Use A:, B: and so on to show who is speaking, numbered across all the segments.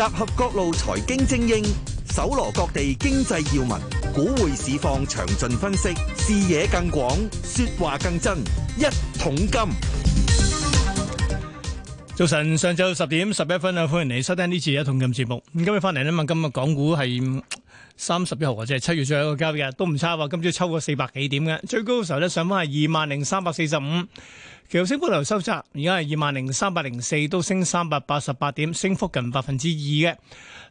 A: 集合各路財經精英，搜羅各地經濟要聞，股匯市況詳盡分析，視野更廣，說話更真。一桶金，早晨，上晝十點十一分啊！歡迎你收聽呢次一桶金節目。咁今日翻嚟吖嘛，今日港股係。三十一號或者係七月最後一個交易日都唔差喎，今朝抽過四百幾點嘅，最高嘅時候呢上返係二萬零三百四十五，其實升幅嚟收窄，而家係二萬零三百零四，都升三百八十八點，升幅近百分之二嘅。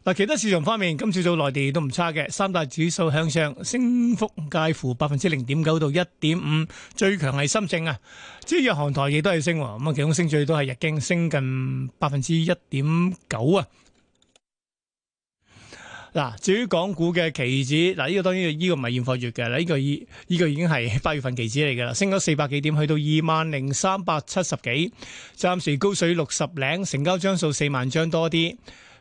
A: 嗱，其他市場方面，今朝早內地都唔差嘅，三大指數向上，升幅介乎百分之零點九到一點五，最強係深證啊，至於日韓台亦都係升，咁啊其中升最多係日經，升近百分之一點九啊。嗱，至於港股嘅期指，嗱、這、呢個當然呢、這個唔係現貨月嘅，呢、這個已呢、這個已經係八月份期指嚟嘅啦，升咗四百幾點，去到二萬零三百七十幾，暫時高水六十領，成交張數四萬張多啲，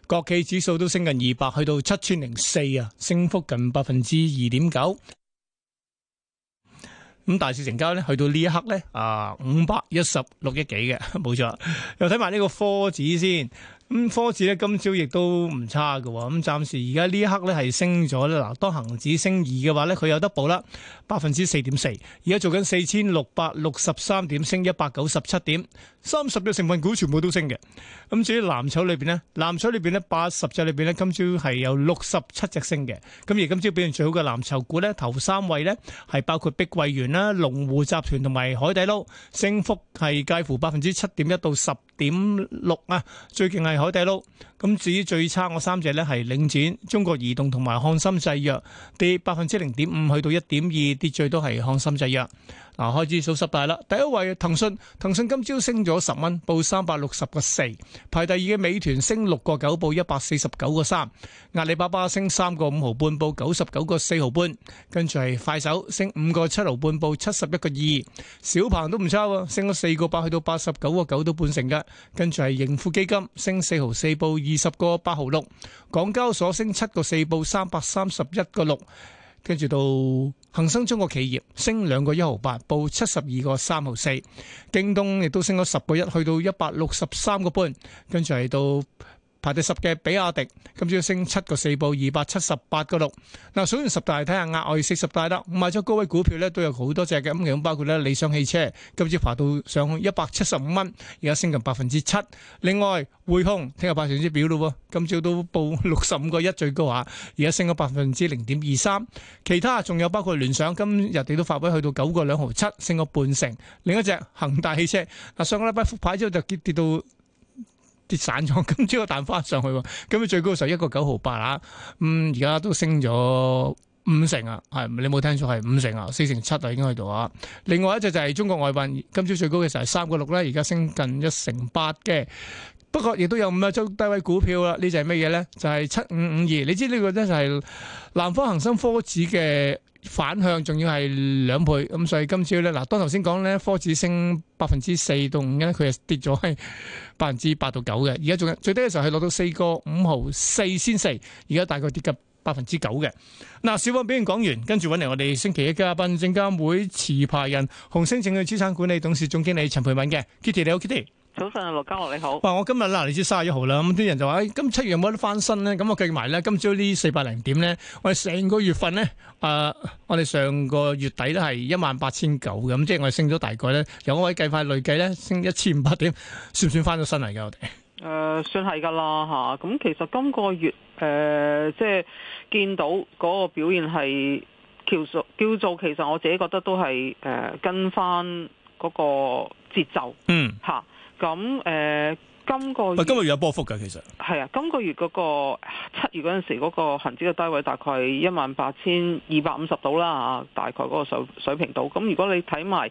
A: 國企指數都升近二百，去到七千零四啊，升幅近百分之二點九，咁大市成交咧，去到呢一刻呢，啊五百一十六億幾嘅，冇錯，又睇埋呢個科指先。咁、嗯、科指咧今朝亦都唔差嘅，咁、嗯、暫時而家呢一刻呢係升咗咧，嗱，當恒指升二嘅話呢，佢有得補啦，百分之四點四，而家做緊四千六百六十三點，升一百九十七點，三十隻成分股全部都升嘅。咁、嗯、至於藍籌裏邊呢，藍籌裏邊呢八十隻裏邊呢，今朝係有六十七隻升嘅。咁而今朝表現最好嘅藍籌股呢，頭三位呢係包括碧桂園啦、龍湖集團同埋海底撈，升幅係介乎百分之七點一到十。點六啊！最近係海底撈。咁至於最差嗰三隻咧，係領展、中國移動同埋漢森製藥，跌百分之零點五，去到一點二，跌最多係漢森製藥。嗱，開支數失敗啦！第一位騰訊，騰訊今朝升咗十蚊，報三百六十個四。排第二嘅美團升六個九，報一百四十九個三。阿里巴巴升三個五毫半，報九十九個四毫半。跟住係快手升五個七毫半，報七十一個二。小鵬都唔差喎，升咗四個八，去到八十九個九都半成㗎。跟住係盈富基金升四毫四，報二十個八毫六。港交所升七個四，報三百三十一個六。跟住到恒生中國企業升兩個一毫八，報七十二個三毫四。京東亦都升咗十個一，去到一百六十三個半。跟住係到。排第十嘅比亞迪，今朝升七個四報，二百七十八個六。嗱，數完十大，睇下額外四十大啦。賣咗高位股票咧，都有好多隻嘅。咁樣包括咧，理想汽車今朝爬到上去一百七十五蚊，而家升近百分之七。另外匯控聽日拍上張表咯，今朝都報六十五個一最高價，而家升咗百分之零點二三。其他仲有包括聯想，今日你都發威去到九個兩毫七，升咗半成。另一隻恒大汽車，嗱上個禮拜復牌之後就跌跌到。跌散咗，今朝又彈翻上去，咁啊最高嘅時候一個九毫八啊，咁而家都升咗五成啊，係你冇聽錯係五成啊，四成七啊已經去到啊。另外一隻就係中國外運，今朝最高嘅時候係三個六啦，而家升近一成八嘅。不過亦都有五啊，中低位股票啦，就呢就係乜嘢咧？就係七五五二，你知呢個咧就係南方恒生科指嘅反向，仲要係兩倍咁。所以今朝咧，嗱，當頭先講咧，科指升百分之四到五咧，佢又跌咗喺百分之八到九嘅。而家仲最低嘅時候係落到四個五毫四先四，而家大概跌近百分之九嘅。嗱，小波表現講完，跟住揾嚟我哋星期一嘉賓，證監會持牌人，紅星證券資產管理董事總經理陳蓓敏嘅，Kitty 你好，Kitty。
B: 早晨啊，陸家樂你好。
A: 哇！我今日啦，嚟至卅一號啦，咁啲人就話，今七月有冇得翻身咧？咁我計埋咧，今朝呢四百零點咧，我哋成個月份咧，誒、呃，我哋上個月底都係一萬八千九咁，即係我哋升咗大概咧，由我位計法累計咧升一千五百點，算唔算翻咗身嚟嘅？我哋誒、
B: 呃，算係噶啦吓。咁、啊、其實今個月誒、呃，即係見到嗰個表現係叫做叫做，叫做其實我自己覺得都係誒、呃、跟翻嗰個節奏，啊、嗯吓。咁誒。今個月唔係今個月有波幅㗎，其實係啊，今個月嗰個月、那個、七月嗰陣時嗰個恆指嘅低位大概一萬八千二百五十度啦嚇，大概嗰個水水平度。咁如果你睇埋，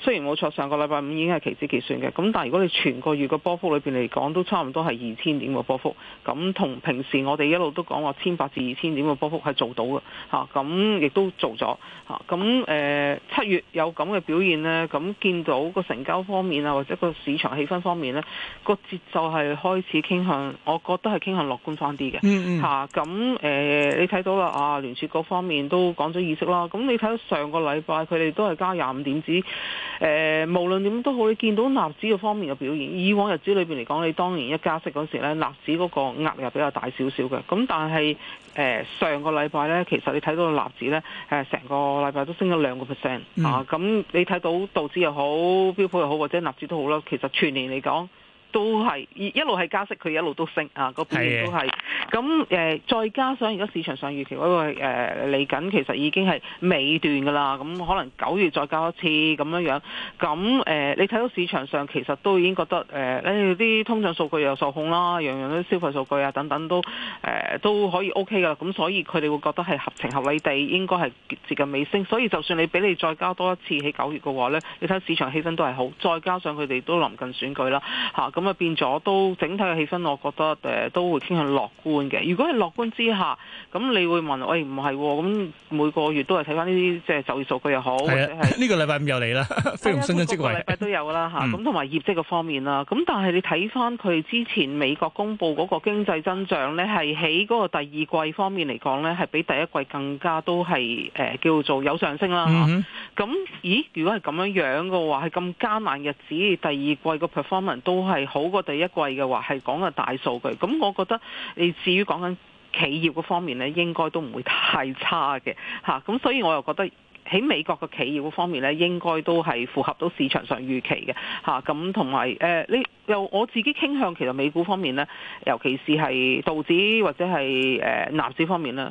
B: 雖然冇錯上個禮拜五已經係期指結算嘅，咁但係如果你全個月個波幅裏邊嚟講，都差唔多係二千點嘅波幅。咁同平時我哋一路都講話千八至二千點嘅波幅係做到嘅嚇，咁亦都做咗嚇。咁誒、呃、七月有咁嘅表現呢？咁見到個成交方面啊，或者個市場氣氛方面呢。那個。就係開始傾向，我覺得係傾向樂觀翻啲嘅嚇。咁誒、mm hmm. 啊呃，你睇到啦啊，聯儲嗰方面都講咗意識啦。咁、啊、你睇到上個禮拜佢哋都係加廿五點子誒、啊，無論點都好，你見到納指嗰方面嘅表現。以往日子裏邊嚟講，你當年一加息嗰時咧，納指嗰個壓力比較大少少嘅。咁、啊、但係誒、呃、上個禮拜呢，其實你睇到納指呢，誒、啊，成個禮拜都升咗兩個 percent 啊。咁你睇到道指又好，標普又好，或者納指都好啦。其實全年嚟講，都係，一路係加息，佢一路都升啊，個半都係。咁誒、呃，再加上而家市場上預期嗰個嚟緊，呃、其實已經係尾段㗎啦。咁可能九月再交一次咁樣樣，咁誒、呃，你睇到市場上其實都已經覺得誒，誒、呃、啲通脹數據又受控啦，樣樣都消費數據啊等等都誒、呃、都可以 O K 㗎。咁所以佢哋會覺得係合情合理地應該係接近尾聲。所以就算你俾你再交多一次喺九月嘅話呢，你睇市場氣氛都係好。再加上佢哋都臨近選舉啦，嚇咁啊變咗都整體嘅氣氛，我覺得誒都會傾向樂觀。嘅，如果係樂觀之下，咁你會問：喂、哎，唔係喎？咁每個月都係睇翻呢啲，即、就、係、是、就業數據又好。係呢個禮拜五又嚟啦，非農新增職位。個禮拜都有啦，嚇、啊。咁同埋業績個方面啦，咁、啊、但係你睇翻佢之前美國公布嗰個經濟增長呢，係喺嗰個第二季方面嚟講呢，係比第一季更加都係誒、呃、叫做有上升啦。嚇、啊。咁、嗯哼啊、咦？如果係咁樣樣嘅話，係咁艱難日子，第二季個 performance 都係好過第一季嘅話，係講嘅大數據。咁我覺得你。至於講緊企業嗰方面咧，應該都唔會太差嘅，嚇、啊、咁，所以我又覺得喺美國嘅企業嗰方面咧，應該都係符合到市場上預期嘅，嚇、咁同埋誒，你又我自己傾向其實美股方面咧，尤其是係道指或者係誒納指方面咧。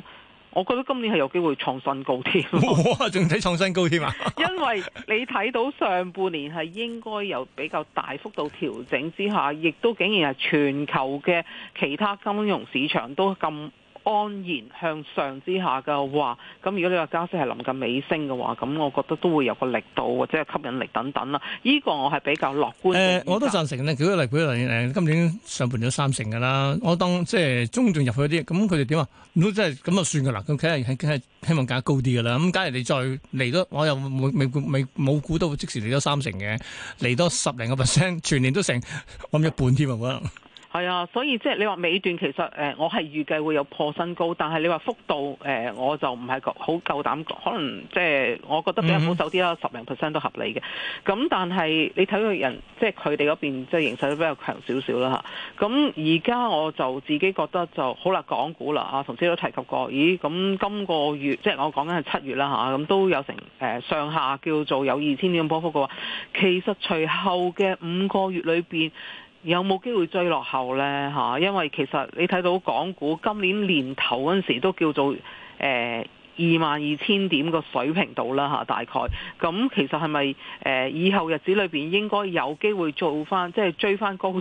B: 我覺得今年係有機會創新高添，哇！仲睇創新高添啊！因為你睇到上半年係應該有比較大幅度調整之下，亦都竟然係全球嘅其他金融市場都咁。安然向上之下嘅話，咁如果你話加息係臨近尾聲嘅話，咁我覺得都會有個力度或者吸引力等等啦。依、這個我係比較樂
A: 觀。誒、呃，我都贊成咧。舉個例、舉個例誒，今年上半年有三成嘅啦。我當即係中進入去啲，咁佢哋點啊？如果真係咁啊，就算嘅啦。咁佢梗係希望價高啲嘅啦。咁假如你再嚟多，我又冇、冇、冇冇估到即時嚟多三成嘅，嚟多十零個 percent，全年都成冚一半添啊！可能。
B: 係啊，所以即係你話尾段其實誒，我係預計會有破新高，但係你話幅度誒、呃，我就唔係好夠膽，可能即係我覺得比較保守啲啦，十零 percent 都合理嘅。咁但係你睇個人，即係佢哋嗰邊即係形勢都比較強少少啦嚇。咁而家我就自己覺得就好啦，港股啦啊，頭先都提及過，咦咁今個月即係、就是、我講緊係七月啦嚇，咁、啊、都有成誒、呃、上下叫做有二千點波幅嘅話。其實隨後嘅五個月裏邊。有冇機會追落後呢？嚇，因為其實你睇到港股今年年頭嗰陣時都叫做誒。二萬二千點個水平度啦嚇，大概咁、啊、其實係咪誒以後日子裏邊應該有機會做翻，即係追翻高少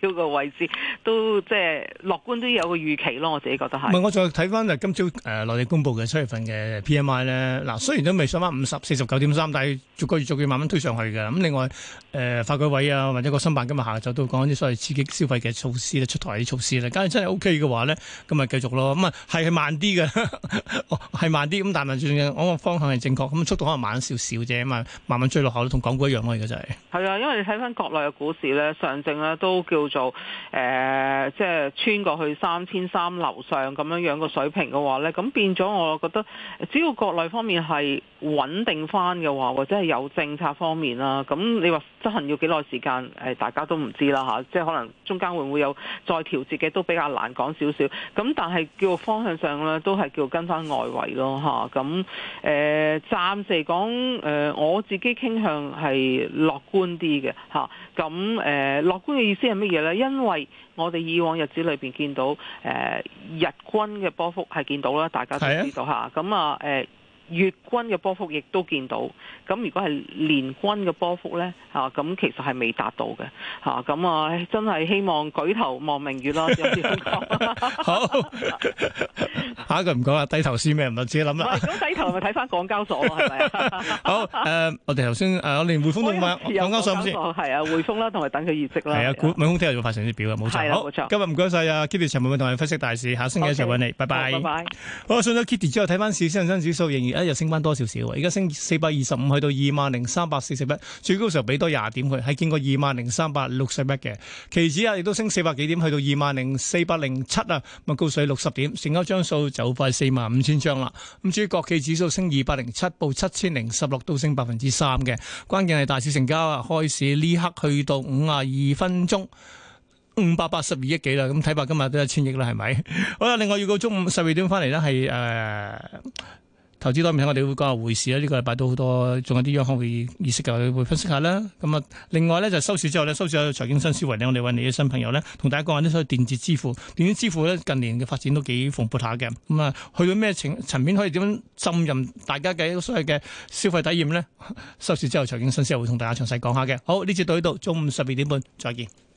B: 少個位置，都即係樂觀都有個預期咯。我自己覺得係。唔係、嗯，我
A: 再睇翻今朝誒、呃、內地公布嘅七月份嘅 PMI 咧，嗱、啊、雖然都未上翻五十，四十九點三，但係逐個月逐個月慢慢推上去嘅。咁、啊、另外誒發改委啊，或者國新辦今日下晝都講啲所謂刺激消費嘅措施咧，出台啲措施咧，假如真係 OK 嘅話咧，咁咪繼續咯。咁啊係慢啲嘅。 係慢啲咁，但係慢轉嘅，我個方向係正確，咁速度可能慢少少啫嘛，慢慢追落後咯，同港股一樣咯，而家就係。
B: 係啊，因為睇翻國內嘅股市咧，上證咧都叫做誒，即係穿過去三千三樓上咁樣樣個水平嘅話咧，咁變咗我覺得，只要國內方面係穩定翻嘅話，或者係有政策方面啦，咁你話執行要幾耐時間，誒，大家都唔知啦吓，即係可能中間會唔會有再調節嘅，都比較難講少少。咁但係叫方向上咧，都係叫跟翻外圍。咯吓，咁，誒、嗯，暫時嚟講，誒、呃，我自己傾向係樂觀啲嘅吓，咁、嗯、誒，樂、嗯、觀嘅意思係乜嘢咧？因為我哋以往日子裏邊見到誒、呃、日均嘅波幅係見到啦，大家都知道吓，咁啊，誒、嗯。嗯嗯嗯月均嘅波幅亦都見到，咁如果係年均嘅波幅咧，嚇咁其實係未達到嘅，嚇咁啊，真係希望舉頭望明月咯。好，
A: 下一句唔講啦，低頭思咩唔自己諗啦。咁
B: 低頭咪睇翻港交所咯。
A: 好，誒，我哋頭先誒連匯豐都問港交所先，
B: 係啊，匯豐啦，同埋等佢業績啦。係
A: 啊，匯豐聽日要發成啲表啦，冇錯。好，今日唔該曬啊，Kitty 陳蓓敏同埋分析大市，下星期一再揾你，拜拜。拜拜。好，信咗 Kitty 之後睇翻市，恒生指數仍然。一又升翻多少少？而家升四百二十五，去到二萬零三百四十一。最高時候俾多廿點佢，係見過二萬零三百六十一嘅。期指啊，亦都升四百幾點，去到二萬零四百零七啊，咪高水六十點，成交張數就快四萬五千張啦。咁至於國企指數升二百零七，報七千零十六，都升百分之三嘅。關鍵係大市成交啊，開始呢刻去到五啊二分鐘，五百八十二億幾啦。咁睇白今日都一千億啦，係咪？好啦，另外要到中午十二點翻嚟呢，係、呃、誒。投資多面，我哋會講下匯市啦。呢、這個禮拜都好多，仲有啲央行嘅議息噶，我會分析下啦。咁啊，另外咧就是、收市之後咧，收市有財經新思維咧，我哋揾你嘅新朋友咧，同大家講下呢所謂電子支付、電子支付咧，近年嘅發展都幾蓬勃下嘅。咁啊，去到咩層層面可以點樣浸任大家嘅一個所謂嘅消費體驗咧？收市之後財經新思維會同大家詳細講下嘅。好，呢節到呢度，中午十二點半再見。